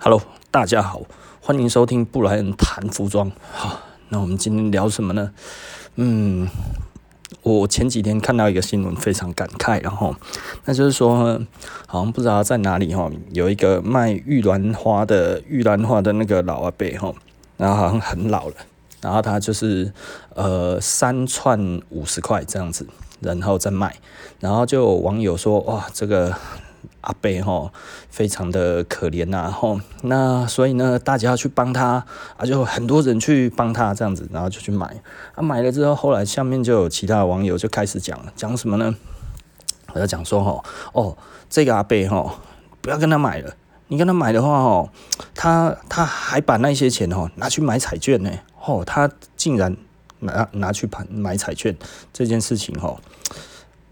Hello，大家好，歡迎收聽布萊恩談服裝。好、啊，那我們今天聊什麼呢？嗯，我前幾天看到一個新聞，非常感慨。然後，那就是說，好像不知道在哪裡哈，有一個賣玉蘭花的玉蘭花的那個老阿伯哈，然後好像很老了，然後他就是呃三串五十塊這樣子，然後再賣。然後就有網友說，哇，這個，阿伯吼，非常的可憐吶、啊，吼，那所以呢，大家要去幫他啊，就很多人去幫他這樣子，然後就去買，啊，買了之後，後來下面就有其他的網友就開始講，講什麼呢？我講說，吼，哦，這個阿伯吼，不要跟他買了，你跟他買的話，吼，他他還把那些錢，吼，拿去買彩券呢、欸，吼，他竟然拿拿去買彩券這件事情，吼，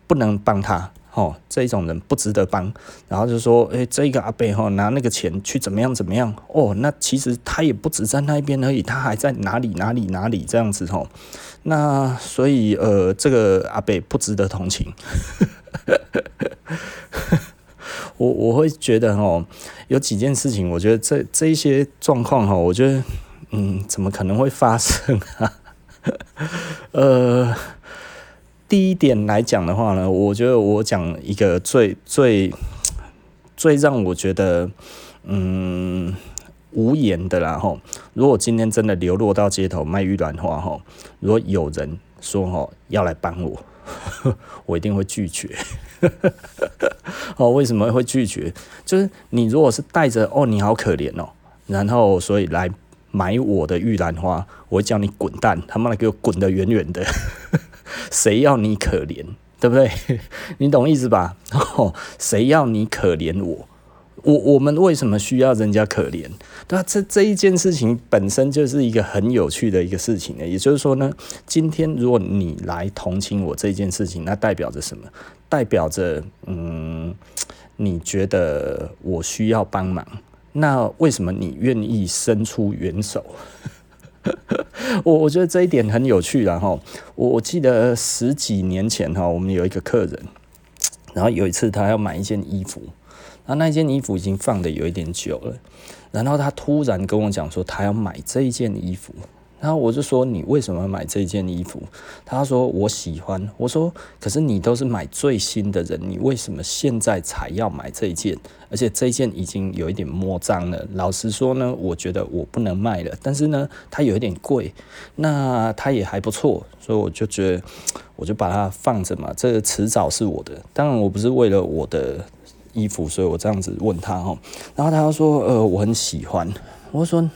不能幫他。哦，這一種人不值得幫，然後就說，誒，這個阿伯哈、哦、拿那個錢去怎麼樣怎麼樣？哦，那其實他也不止在那邊而已，他還在哪裡哪裡哪裡這樣子哈、哦。那所以呃，這個阿伯不值得同情。 我我會覺得哈、哦，有幾件事情，我覺得這這一些狀況哈、哦，我覺得嗯，怎麼可能會發生、啊？ 呃。第一點來講的話呢，我覺得我講一個最最最讓我覺得嗯，無言的啦。如果今天真的流落到街頭賣玉蘭花，如果有人說要來幫我，呵呵，我一定會拒絕。哦、 喔，為什麼會拒絕？就是你如果是帶着哦，你好可憐哦、喔，然後所以來買我的玉蘭花，我會叫你滾蛋，他媽的給我滾得遠遠的。誰要你可憐，對不對？你懂意思吧？哦、誰要你可憐我？我我們為什麼需要人家可憐？對、啊、這這一件事情本身就是一個很有趣的一個事情呢。也就是說呢，今天如果你來同情我這件事情，那代表着什麼？代表着嗯，你覺得我需要幫忙？那為什麼你願意伸出援手？我 我覺得這一點很有趣，然後我我記得十幾年前哈，我們有一個客人，然後有一次他要買一件衣服，他那，那件衣服已經放得有一點久了，然後他突然跟我講說他要買這一件衣服。然後我就說：“你為什麼買這件衣服？”他說：“我喜歡。”我說：“可是你都是買最新的人，你為什麼現在才要買這一件？而且這一件已經有一點摸髒了。老實說呢，我覺得我不能賣了。但是呢，它有一點貴，那它也還不錯，所以我就覺得，我就把它放着嘛。這個遲早是我的。當然，我不是為了我的衣服，所以我這樣子問他哦。然後他說：“呃，我很喜歡。”我說。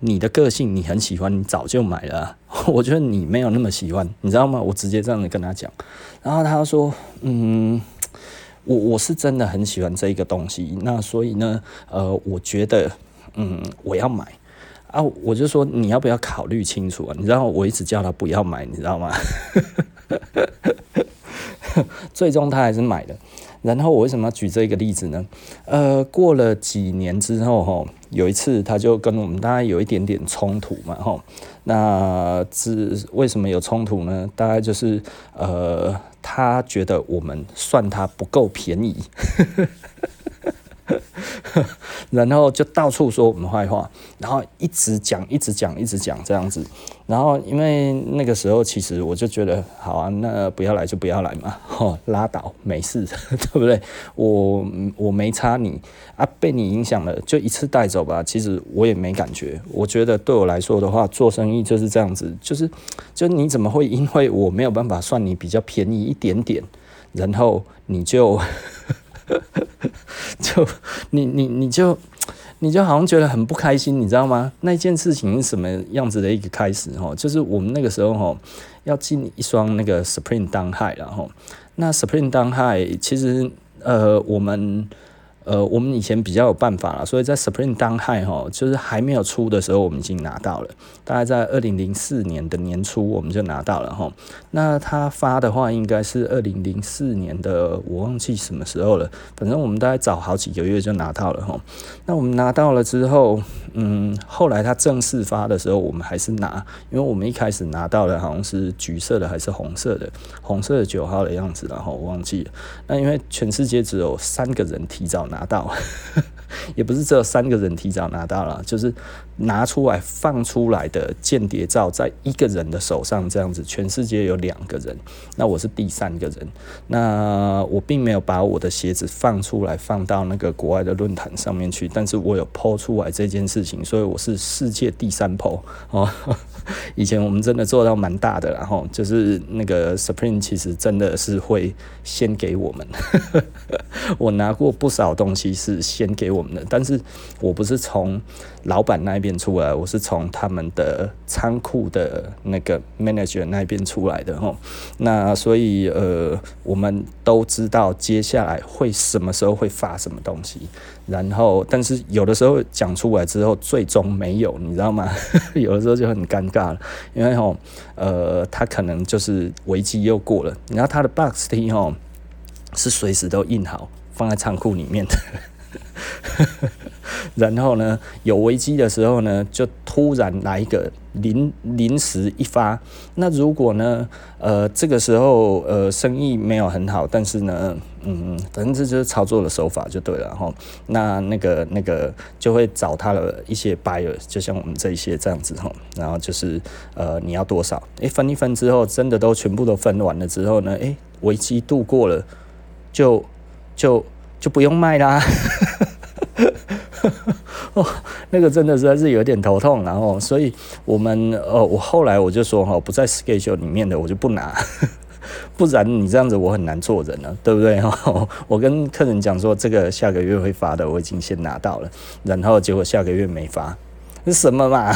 你的個性，你很喜歡，你早就買了啊。 我覺得你沒有那麼喜歡，你知道嗎？我直接這樣子跟他講，然後他說：“嗯，我我是真的很喜歡這一個東西，那所以呢，呃，我覺得，嗯，我要買啊。”我就說：“你要不要考慮清楚啊？你知道，我一直叫他不要買，你知道嗎？” 最終他還是買了。然後我為什麼要舉這個例子呢？呃，過了幾年之後，哈、哦，有一次他就跟我們大家有一點點衝突嘛，哈、哦。那是為什麼有衝突呢？大概就是呃，他覺得我們算他不夠便宜。 然後就到處說我們壞話，然後一直講，一直講，一直講這樣子。然後因為那個時候，其實我就覺得，好啊，那不要來就不要來嘛，哦，拉倒，沒事，對不對？我我沒差你啊，被你影響了，就一次帶走吧。其實我也沒感覺，我覺得對我來說的話，做生意就是這樣子，就是，就你怎麼會因為我沒有辦法算你比較便宜一點點，然後你就。 就你你你就你就好像覺得很不開心，你知道嗎？那件事情是什麼樣子的一個開始？哈，就是我們那個時候哈，要進一雙那個 Supreme Dunk High 然後那 Supreme Dunk High 其實呃，我們呃，我們以前比較有辦法了，所以在 Supreme Dunk High 哈，就是還沒有出的時候，我們已經拿到了。大概在二零零四年的年初，我們就拿到了吼。那他發的話，應該是二零零四年的，我忘記什麼時候了。反正我們大概早好幾個月就拿到了吼。那我們拿到了之後，嗯，後來他正式發的時候，我們還是拿，因為我們一開始拿到的好像是橘色的還是紅色的，紅色的九號的樣子，然後我忘記了。那因為全世界只有三個人提早拿到，呵呵，也不是只有三個人提早拿到了，就是拿出來放出來的。的間諜照在一個人的手上，這樣子，全世界有兩個人，那我是第三個人，那我並沒有把我的鞋子放出來放到那個國外的論壇上面去，但是我有 po 出來這件事情，所以我是世界第三 po 哦。以前我們真的做到蠻大的，然後就是那個 Supreme 其實真的是會先給我們， 我拿過不少東西是先給我們的，但是我不是從老闆那邊出來，我是從他們的倉庫的那個 manager 那邊出來的吼，那所以呃我們都知道接下來會什麼時候會發什麼東西，然後但是有的時候講出來之後最終沒有，你知道嗎？ 有的時候就很乾。尬了，因為吼、哦，呃，他可能就是危機又過了。然後他的 boxing 哦，是隨時都印好放在倉庫裡面的， 然後呢，有危機的時候呢，就突然來一個臨臨時一發。那如果呢，呃，這個時候呃，生意沒有很好，但是呢。嗯嗯，反正這就是操作的手法就對了哈。然後那那個那個就會找他的一些 buyer，就像我們這一些這樣子哈。然後就是呃，你要多少？哎、欸，分一分之後，真的都全部都分完了之後呢，哎、欸，危機度過了，就就就不用賣啦。 哦，那個真的實在是有點頭痛，然後所以我們呃、哦，我後來我就說哈，不在 schedule 裡面的我就不拿。不然你這樣子我很難做人了，對不對？ 我跟客人講說這個下個月會發的，我已經先拿到了。然後結果下個月沒發，是什麼嘛？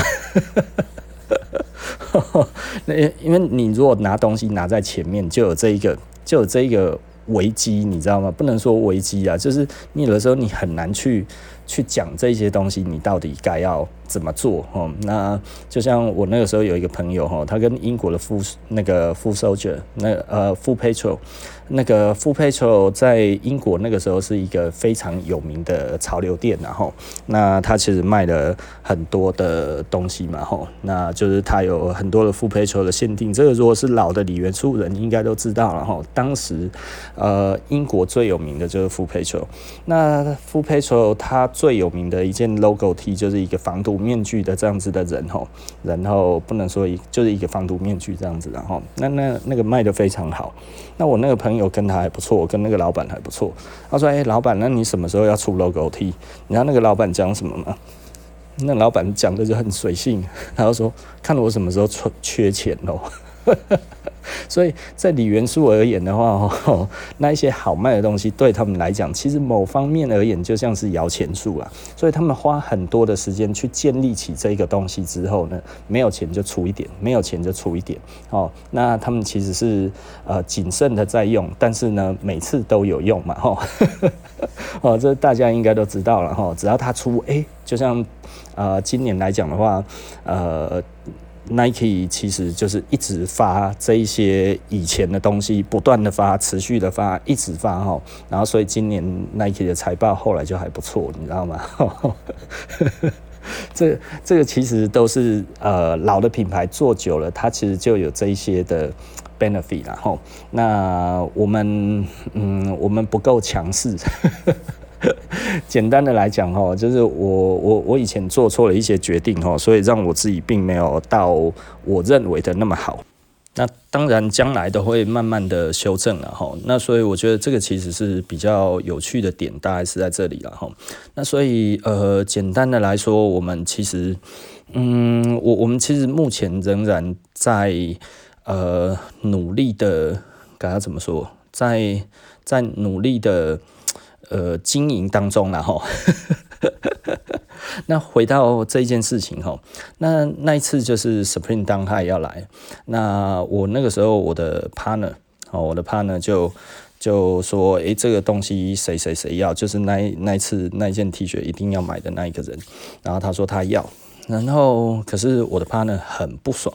那 因為你如果拿東西拿在前面，就有這一個就有這一個危機，你知道嗎？不能說危機啊，就是你有的時候你很難去去講這些東西，你到底該要。怎麼做？哦，那就像我那個時候有一個朋友，吼，他跟英國的 Foot 那個 Foot soldier，那呃 Footpatrol 那個 Footpatrol 在英國那個時候是一個非常有名的潮流店，然後，那他其實賣了很多的東西嘛，那就是他有很多的 Footpatrol 的限定，這個如果是老的裏原宿人應該都知道了，吼，當時呃英國最有名的就是 Footpatrol 那 Footpatrol 它最有名的一件 logo T 就是一個防毒。面具的這樣子的人吼，然後不能說就是一個防毒面具這樣子然後，那那那個賣得非常好，那我那個朋友跟他還不錯，我跟那個老闆還不錯，他說哎、欸、老闆，那你什麼時候要出 logo t？然後那個老闆講什麼嘛？那老闆講的就很隨性，然後說看我什麼時候缺缺錢嘍、喔。 所以在鋰元素而言的話，吼，那一些好賣的東西對他們來講，其實某方面而言就像是搖錢樹啊。所以他們花很多的時間去建立起這個東西之後呢，沒有錢就出一點，沒有錢就出一點，哦，那他們其實是呃謹慎的在用，但是呢，每次都有用嘛，吼，哦，這大家應該都知道了，吼，只要他出，誒、欸，就像啊今年來講的話，呃。Nike 其實就是一直發這一些以前的東西，不斷的發，持續的發，一直發哈。然後所以今年 Nike 的財報後來就還不錯，你知道嗎？ 這個、這個其實都是呃老的品牌做久了，它其實就有這一些的 benefit，然後，那我們嗯，我們不夠強勢。 簡單的來講哈，就是我我我以前做錯了一些決定哈，所以讓我自己並沒有到我認為的那麼好。那當然將來都會慢慢的修正了哈。那所以我覺得這個其實是比較有趣的點，大概是在這裡了哈。那所以呃，簡單的來說，我們其實嗯，我我們其實目前仍然在呃努力的，該要怎麼說，在在努力的。呃，經營當中然後， 那回到這件事情哈，那那一次就是 Supreme 當他要來，那我那個時候我的 partner 哦，我的 partner 就就說，誒，這個東西誰誰誰要，就是那那一次那件 T 恤一定要買的那一個人，然後他說他要，然後可是我的 partner 很不爽。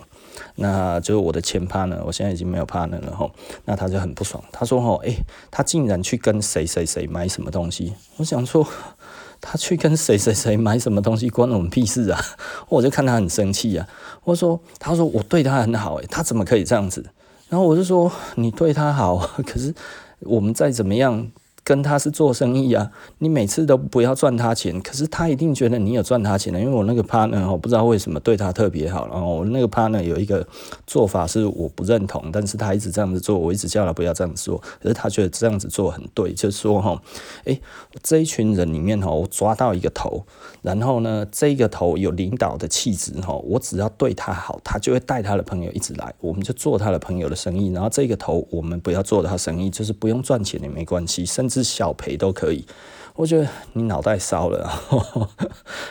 那就是我的前 partner，我現在已經沒有 partner 了哈。那他就很不爽，他說：“哈，誒，他竟然去跟誰誰誰買什麼東西？”我想說，他去跟誰誰誰買什麼東西關我們屁事啊！我就看他很生氣啊。我說：“他說我對他很好欸，誒，他怎麼可以這樣子？”然後我就說：“你對他好，可是我們再怎麼樣。”跟他是做生意啊，你每次都不要賺他錢，可是他一定覺得你有賺他錢的。因為我那個 partner 哈，不知道為什麽對他特別好。然後我那個 partner 有一個做法是我不認同，但是他一直這樣子做，我一直叫他不要這樣子做，可是他覺得這樣子做很對，就是說，欸，這一群人裡面，我抓到一個頭，然後呢，這個頭有領導的氣質，我只要對他好，他就會帶他的朋友一直來，我們就做他的朋友的生意，然後這個頭我們不要做他生意，就是不用賺錢也沒關係，甚至。是小賠都可以，我覺得你腦袋燒了呵呵。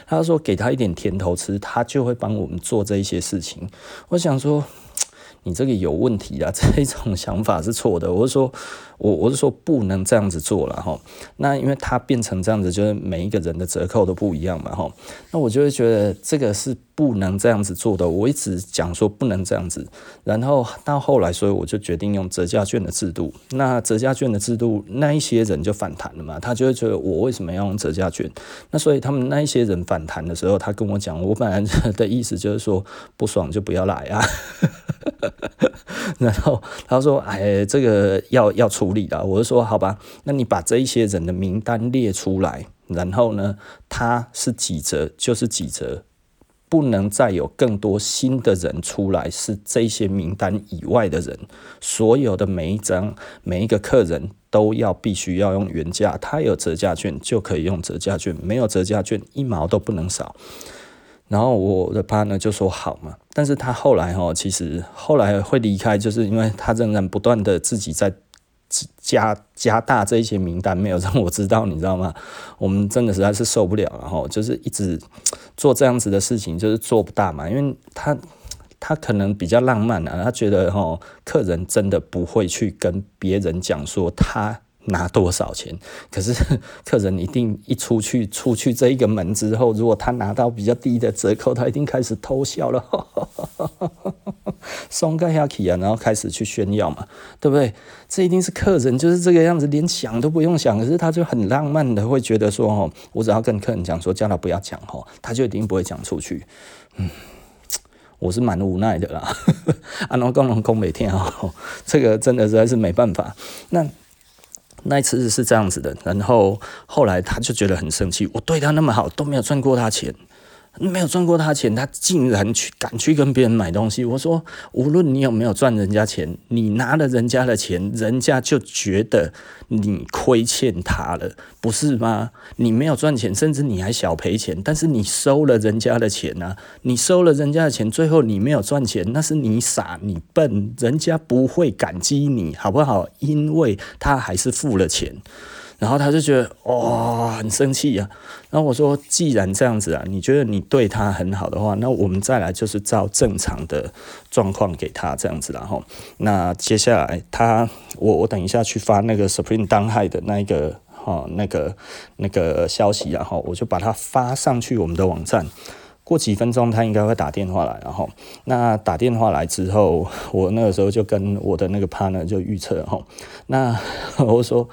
他說給他一點甜頭吃，他就會幫我們做這一些事情。我想說。你這個有問題啊！這種想法是錯的。我是說，我我是說不能這樣子做了哈。那因為它變成這樣子，就是每一個人的折扣都不一樣嘛哈。那我就會覺得這個是不能這樣子做的。我一直講說不能這樣子，然後到後來，所以我就決定用折價券的制度。那折價券的制度，那一些人就反彈了嘛。他就會覺得我為什麼要用折價券？那所以他們那一些人反彈的時候，他跟我講，我反而的意思就是說不爽就不要來啊。 然後他說：“哎，這個要要處理了。”我就說：“好吧，那你把這一些人的名單列出來。然後呢，他是幾折就是幾折，不能再有更多新的人出來。是這些名單以外的人，所有的每一張每一個客人都要必須要用原價。他有折價券就可以用折價券，沒有折價券一毛都不能少。”然後我的 partner，就說：“好嘛。”但是他後來哦，其實後來會離開就是因為他仍然不斷的自己在加加大這一些名單，沒有讓我知道，你知道嗎？我們真的實在是受不了了哈、哦，就是一直做這樣子的事情，就是做不大嘛。因為他他可能比較浪漫啊，他覺得哦，客人真的不會去跟別人講說他，拿多少錢？可是客人一定一出去，出去這一個門之後，如果他拿到比較低的折扣，他一定開始偷笑了，呵呵呵鬆蓋下氣啊，然後開始去炫耀嘛，對不對？這一定是客人就是這個樣子，連想都不用想，可是他就很浪漫的會覺得說，哦，我只要跟客人講說，叫他不要講，哈，他就一定不會講出去。嗯，我是蠻無奈的啦，阿龍工龍工每天哈，這個真的實在是沒辦法。那。那一次是這樣子的，然後後來他就覺得很生氣，我對他那麼好，都沒有賺過他錢。沒有賺過他錢，他竟然去敢去跟別人買東西。我說，無論你有沒有賺人家錢，你拿了人家的錢，人家就覺得你虧欠他了，不是嗎？你沒有賺錢，甚至你還小賠錢，但是你收了人家的錢呢、啊？你收了人家的錢，最後你沒有賺錢，那是你傻你笨，人家不會感激你好不好？因為他還是付了錢。然後他就覺得哇、哦，很生氣呀、啊。然後我說，既然這樣子啊，你覺得你對他很好的話，那我們再來就是照正常的狀況給他這樣子啊、然後那接下來他，我我等一下去發那個 Supreme 當害的那一個哈、哦、那個那個消息、啊，然後我就把它發上去我們的網站。過幾分鐘他應該會打電話來，然後那打電話來之後，我那個時候就跟我的那個 partner 就預測哈、哦，那我說。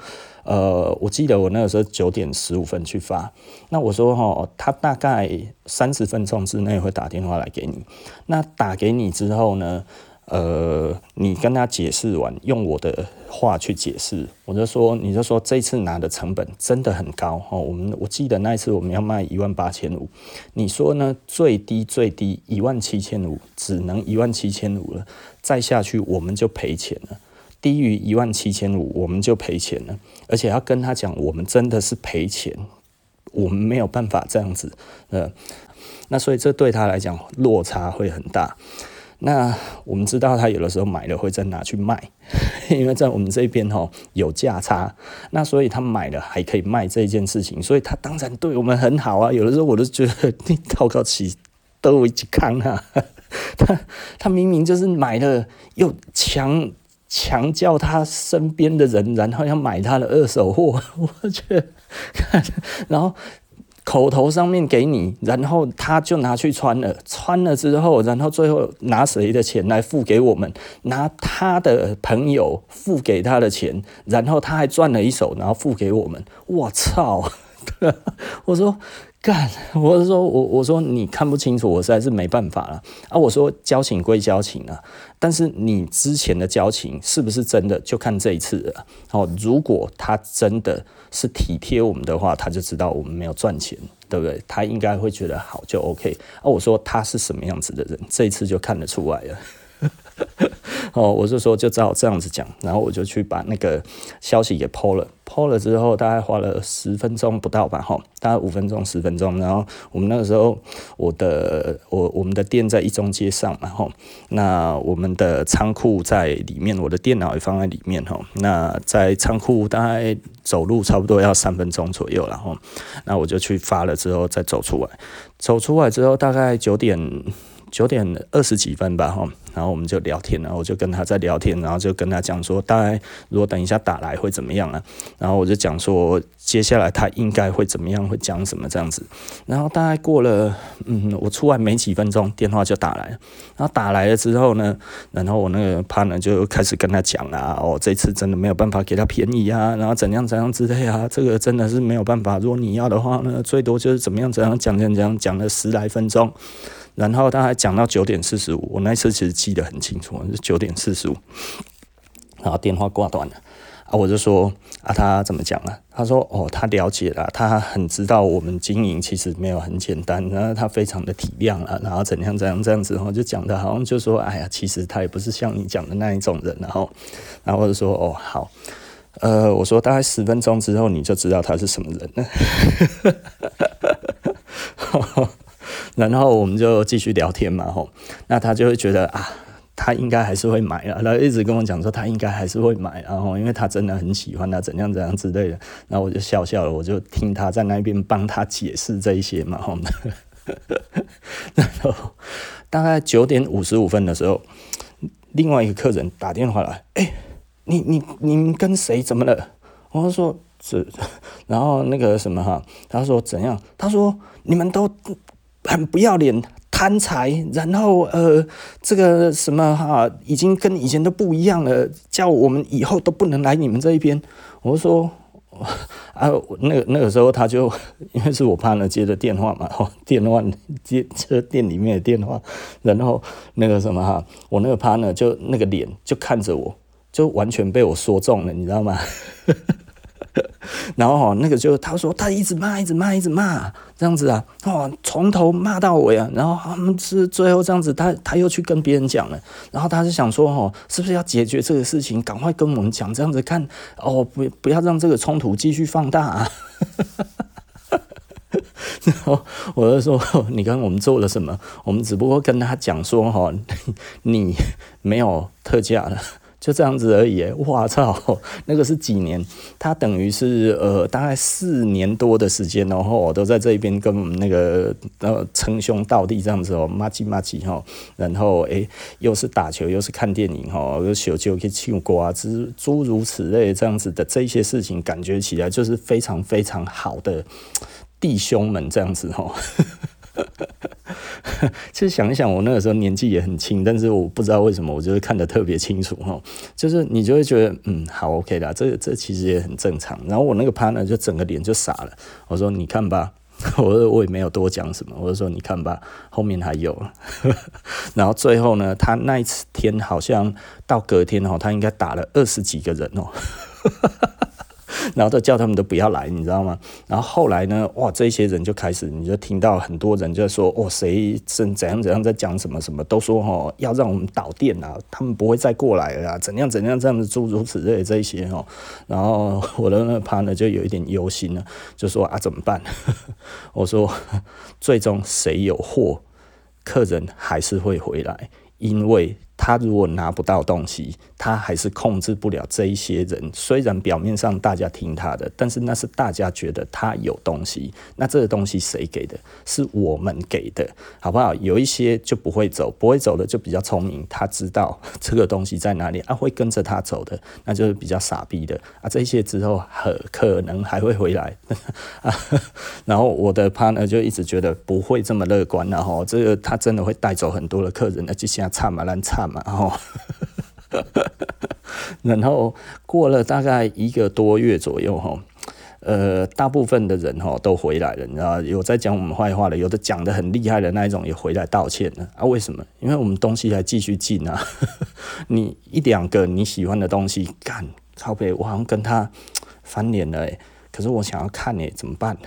呃，我記得我那個時候九點十五分去發，那我說，哦，他大概三十分鐘之內會打電話來給你。那打給你之後呢，呃，你跟他解釋完，用我的話去解釋，我就說，你就說這次拿的成本真的很高。我們我記得那一次我們要賣一萬八千五，你說呢？最低最低一萬七千五，只能一萬七千五了，再下去我們就賠錢了。低於一萬七千五，我們就賠錢了，而且要跟他講，我們真的是賠錢，我們沒有辦法這樣子，呃，那所以這對他來講落差會很大。那我們知道他有的時候買了會再拿去賣，因為在我們這邊哦有價差，那所以他買了還可以賣這件事情，所以他當然對我們很好啊。有的時候我都覺得你套個起都為去看啊。 他他明明就是買了又強強叫他身邊的人，然後要買他的二手貨，我去， 然後口頭上面給你，然後他就拿去穿了，穿了之後，然後最後拿誰的錢來付給我們？拿他的朋友付給他的錢，然後他還賺了一手，然後付給我們，我操！ 我說。幹，我是說，我我說你看不清楚，我實在是沒辦法了啊，啊，我說交情歸交情啊，但是你之前的交情是不是真的，就看這一次了。哦，如果他真的是體貼我們的話，他就知道我們沒有賺錢，對不對？他應該會覺得好就 OK 啊。我說他是什麼樣子的人，這一次就看得出來了。哦， 我是說，就只好這樣子講。然後我就去把那個消息給 PO 了，PO 了之後大概花了十分鐘不到吧，哈，大概五分鐘十分鐘。然後我們那個時候我，我的我我們的店在一中街上，然後那我們的倉庫在裡面，我的電腦也放在裡面，哈，那在倉庫大概走路差不多要三分鐘左右，然後那我就去發了之後再走出來，走出來之後大概九點。九點二十幾分吧，然後我們就聊天，然後我就跟他在聊天，然後就跟他講說，大概如果等一下打來會怎麼樣啊？然後我就講說，接下來他應該會怎麼樣，會講什麼這樣子。然後大概過了，嗯，我出來沒幾分鐘，電話就打來了。然後打來了之後呢，然後我那個 partner 就開始跟他講啊，哦，這次真的沒有辦法給他便宜啊，然後怎樣怎樣之類啊，這個真的是沒有辦法。如果你要的話呢，最多就是怎麼樣怎樣講怎樣講講，講了十來分鐘。然後他還講到九點四十五，我那一次其實記得很清楚，是九點四十五，然後電話掛斷了啊，我就說啊，他怎麼講啊？他說哦，他了解了，他很知道我們經營其實沒有很簡單，然後他非常的體諒了啊，然後怎樣怎樣這樣子，然後就講的，好像就說，哎呀，其實他也不是像你講的那一種人啊，然後然後我就說哦好，呃，我說大概十分鐘之後你就知道他是什麼人了。 然後我們就繼續聊天嘛，吼，那他就會覺得啊，他應該還是會買啊，然後一直跟我講說他應該還是會買啊，然後因為他真的很喜歡他怎樣怎樣之類的，然後我就笑笑了，我就聽他在那邊幫他解釋這些嘛，吼， 然後大概九點五十五分的時候，另外一個客人打電話來，哎，你你你跟誰怎麼了？我說說，然後那個什麼哈，他說怎樣？他說你們都。很不要臉，貪財，然後呃，這個什麼哈、啊，已經跟以前都不一樣了，叫我們以後都不能來你們這一邊。我說，啊，那個那個時候他就，因為是我 partner 接的電話嘛，哦、電話接這店裡面的電話，然後那個什麼哈、啊，我那個 partner 就那個臉就看着我，就完全被我說中了，你知道嗎？ 然後、哦、那個就他說他一直罵，一直罵，一直罵，這樣子啊，哦，從頭罵到尾啊。然後他們、嗯、是最後這樣子，他他又去跟別人講了。然後他是想說，哦，是不是要解決這個事情？趕快跟我們講，這樣子看哦，不不要讓這個衝突繼續放大。啊。 然後我就說、哦，你跟我們做了什麼？我們只不過跟他講說，哈、哦，你沒有特價了。就這樣子而已，哇操！那個是幾年？他等於是呃，大概四年多的時間、哦，然後我都在這邊跟我們那個呃稱兄道弟這樣子哦，麻吉麻吉哈、哦，然後誒、欸，又是打球，又是看電影哈、哦，又小舅去唱歌之諸如此類這樣子的這些事情，感覺起來就是非常非常好的弟兄們這樣子哦。呵呵其 實想一想，我那個時候年紀也很輕，但是我不知道為什麼，我就是看得特別清楚。就是你就會覺得，嗯，好 OK 啦。這個、這個、其實也很正常。然後我那個 partner 就整個臉就傻了，我說你看吧，我說我也沒有多講什麼，我就說你看吧，後面還有。 然後最後呢，他那一次天好像到隔天哦，他應該打了二十幾個人哦。 然後都叫他們都不要來，你知道嗎？然後後來呢？哇，這些人就開始，你就聽到很多人就說：哦，誰怎怎樣怎樣在講什麼什麼，都說哦，要讓我們倒店啊，他們不會再過來了，啊，怎樣怎樣這樣子諸如此類的這一些哦，然後我的那個 partner 呢，就有一點憂心了，就說啊怎麼辦？ 我說最終誰有貨，客人還是會回來，因為。他如果拿不到東西，他還是控制不了這一些人。雖然表面上大家聽他的，但是那是大家覺得他有東西。那這個東西誰給的？是我們給的，好不好？有一些就不會走，不會走的就比較聰明。他知道這個東西在哪裡啊，會跟着他走的，那就是比較傻逼的啊。這些之後很可能還會回來、 啊。然後我的 partner 就一直覺得不會這麼樂觀了、啊、哈。這個他真的會帶走很多的客人，而且現在差嘛爛差。 然後，然後過了大概一個多月左右，哈，呃，大部分的人哈都回來了。你知道有在講我們壞話、話的，有的講得很厲害的那一種也回來道歉了啊？為什麼？因為我們東西還繼續進啊。 你一兩個你喜歡的東西，幹靠北，我好像跟他翻臉了、欸、可是我想要看你、欸、怎麼辦？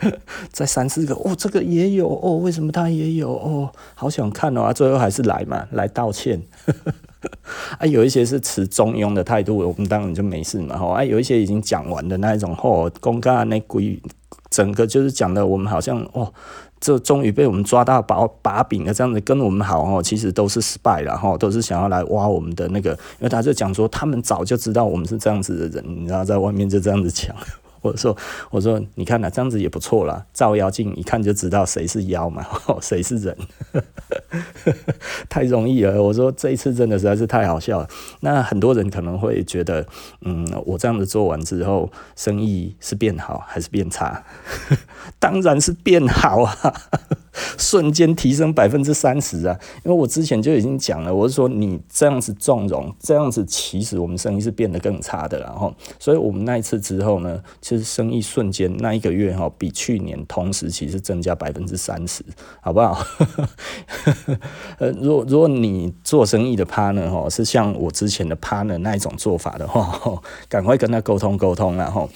再三四個哦，這個也有哦，為什麼他也有哦？好想看哦，啊，最後還是來嘛，來道歉。 啊，有一些是持中庸的態度，我們當然就沒事嘛，哈。啊有一些已經講完的那一種，哦，公幹那規整個就是講的，我們好像哦，這終於被我們抓到把把柄了，這樣子跟我們好哦，其實都是 SPY 啦，哈，都是想要來挖我們的那個，因為他就講說，他們早就知道我們是這樣子的人，然後在外面就這樣子講。我說：“我說，你看吶、啊，這樣子也不錯啦。照妖鏡一看就知道誰是妖嘛，誰是人， 太容易了。”我說：“這一次真的實在是太好笑了。”那很多人可能會覺得：“嗯，我這樣子做完之後，生意是變好還是變差？ 當然是變好啊。”瞬間提升百分之三十啊！因為我之前就已經講了，我是說你這樣子縱容，這樣子其實我們生意是變得更差的，啦哈，所以我們那一次之後呢，其實生意瞬間那一個月哈，比去年同時期是增加百分之三十，好不好？呃， 如果如果你做生意的 partner 哈是像我之前的 partner 那一種做法的話，趕快跟他溝通溝通了哈。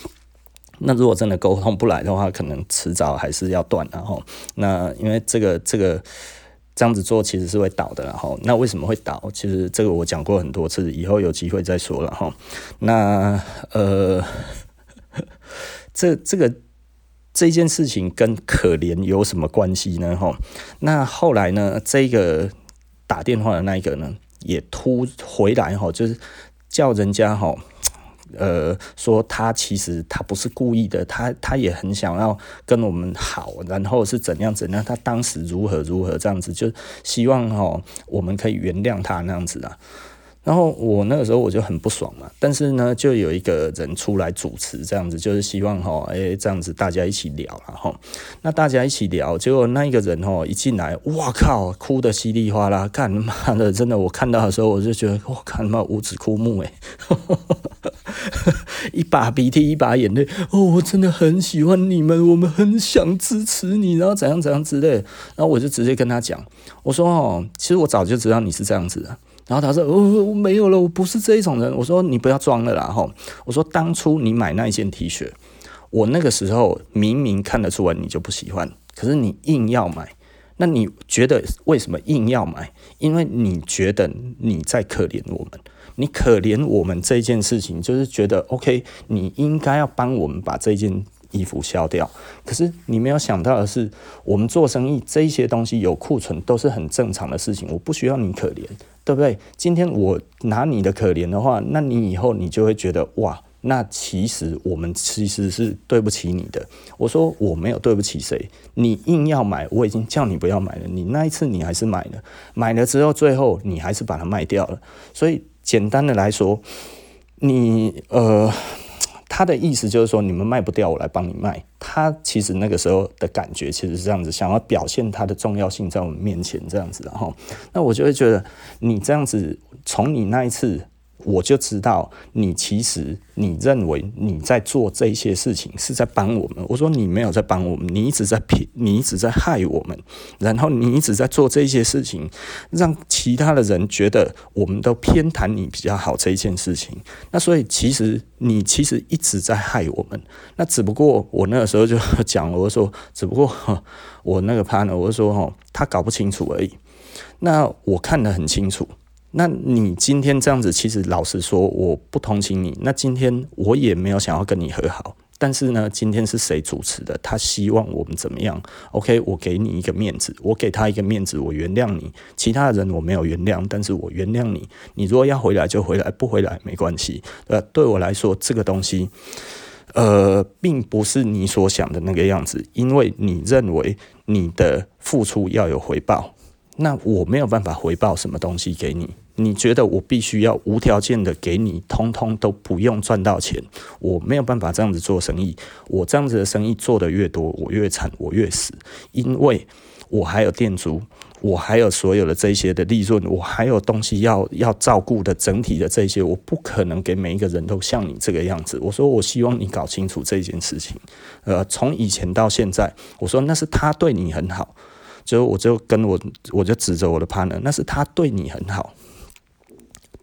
那如果真的溝通不來的話，可能遲早還是要斷，然後那因為這個這個這樣子做其實是會倒的，然後那為什麼會倒？其實這個我講過很多次，以後有機會再說了哈。那呃，這這個這件事情跟可憐有什麼關係呢？哈，那後來呢，這個打電話的那一個呢也突回來哈，就是叫人家哈。呃，說他其實他不是故意的，他他也很想要跟我們好，然後是怎樣怎樣，他當時如何如何這樣子，就希望吼，我們可以原諒他那樣子啊。然後我那個時候我就很不爽嘛，但是呢，就有一個人出來主持這樣子，就是希望吼，誒、欸，這樣子大家一起聊，然後那大家一起聊，結果那一個人吼一進來，哇靠，哭得稀里嘩啦，幹嘛的？真的，我看到的時候我就覺得哇，幹嘛無五指枯木誒、欸。 一把鼻涕一把眼淚哦，我真的很喜歡你們，我們很想支持你，然後怎樣怎樣之類的。然後我就直接跟他講，我說哦，其實我早就知道你是這樣子的。然後他說哦，我、哦、沒有了，我不是這一種人。我說你不要裝了啦，吼、哦。我說當初你買那一件 T 恤，我那個時候明明看得出來你就不喜歡，可是你硬要買。那你覺得為什麼硬要買？因為你覺得你在可憐我們。你可憐我們這件事情，就是覺得 OK，你應該要幫我們把這件衣服銷掉。可是你沒有想到的是，我們做生意這些東西有庫存都是很正常的事情。我不需要你可憐，對不對？今天我拿你的可憐的話，那你以後你就會覺得哇，那其實我們其實是對不起你的。我說我沒有對不起誰，你硬要買，我已經叫你不要買了。你那一次你還是買了，買了之後最後你還是把它賣掉了，所以。簡單的來說，你呃，他的意思就是說，你們賣不掉，我來幫你賣。他其實那個時候的感覺其實是這樣子，想要表現他的重要性在我們面前這樣子，然後，那我就會覺得你這樣子，從你那一次。我就知道，你其實你認為你在做這些事情是在幫我們。我說你沒有在幫我們，你一直在騙，你一直在害我們。然後你一直在做這些事情，讓其他的人覺得我們都偏袒你比較好這一件事情。那所以其實你其實一直在害我們。那只不過我那個時候就講，我說只不過我那個 partner 呢，我說哦，他搞不清楚而已。那我看得很清楚。那你今天這樣子，其實老實說，我不同情你。那今天我也沒有想要跟你和好。但是呢，今天是誰主持的？他希望我們怎麼樣？OK，我給你一個面子，我給他一個面子，我原諒你。其他人我沒有原諒，但是我原諒你。你如果要回來就回來，不回來沒關係。呃，對我來說，這個東西，呃，並不是你所想的那個樣子。因為你認為你的付出要有回報，那我沒有辦法回報什麼東西給你。你覺得我必須要無條件的給你，通通都不用賺到錢，我沒有辦法這樣子做生意。我這樣子的生意做得越多，我越慘，我越死，因為我還有店租，我還有所有的這些的利潤，我還有東西要要照顧的，整體的這些，我不可能給每一個人都像你這個樣子。我說我希望你搞清楚這件事情。呃，從以前到現在，我說那是他對你很好，就我就跟我我就指着我的 partner，那是他對你很好。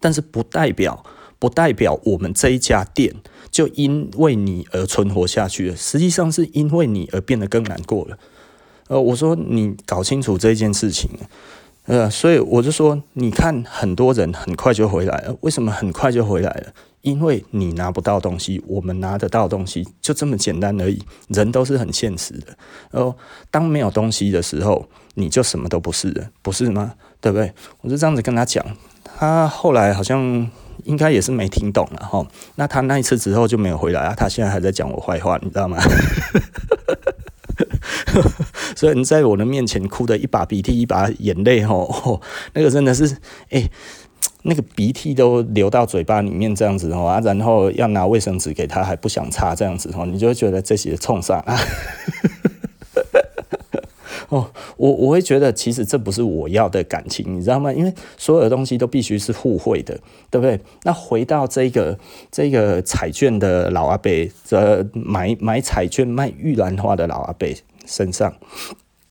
但是不代表，不代表我們這一家店就因為你而存活下去了。實際上是因為你而變得更難過了。呃，我說你搞清楚這件事情。呃，所以我就說，你看，很多人很快就回來了。為什麼很快就回來了？因為你拿不到東西，我們拿得到東西，就這麼簡單而已。人都是很現實的。呃，當沒有東西的時候，你就什麼都不是了，不是嗎？對不對？我就這樣子跟他講。他後來好像應該也是沒聽懂了哈，那他那一次之後就沒有回來啊，他現在還在講我壞話，你知道嗎？ 所以你在我的面前哭得一把鼻涕一把眼淚吼、哦，那個真的是哎、欸，那個鼻涕都流到嘴巴裡面這樣子吼，啊，然後要拿衛生紙給他還不想擦這樣子吼，你就會覺得這些衝啥？ 哦，我我會覺得其實這不是我要的感情，你知道嗎？因為所有的東西都必須是互惠的，對不對？那回到這個這個彩券的老阿伯，這、呃、買買彩券賣玉蘭花的老阿伯身上。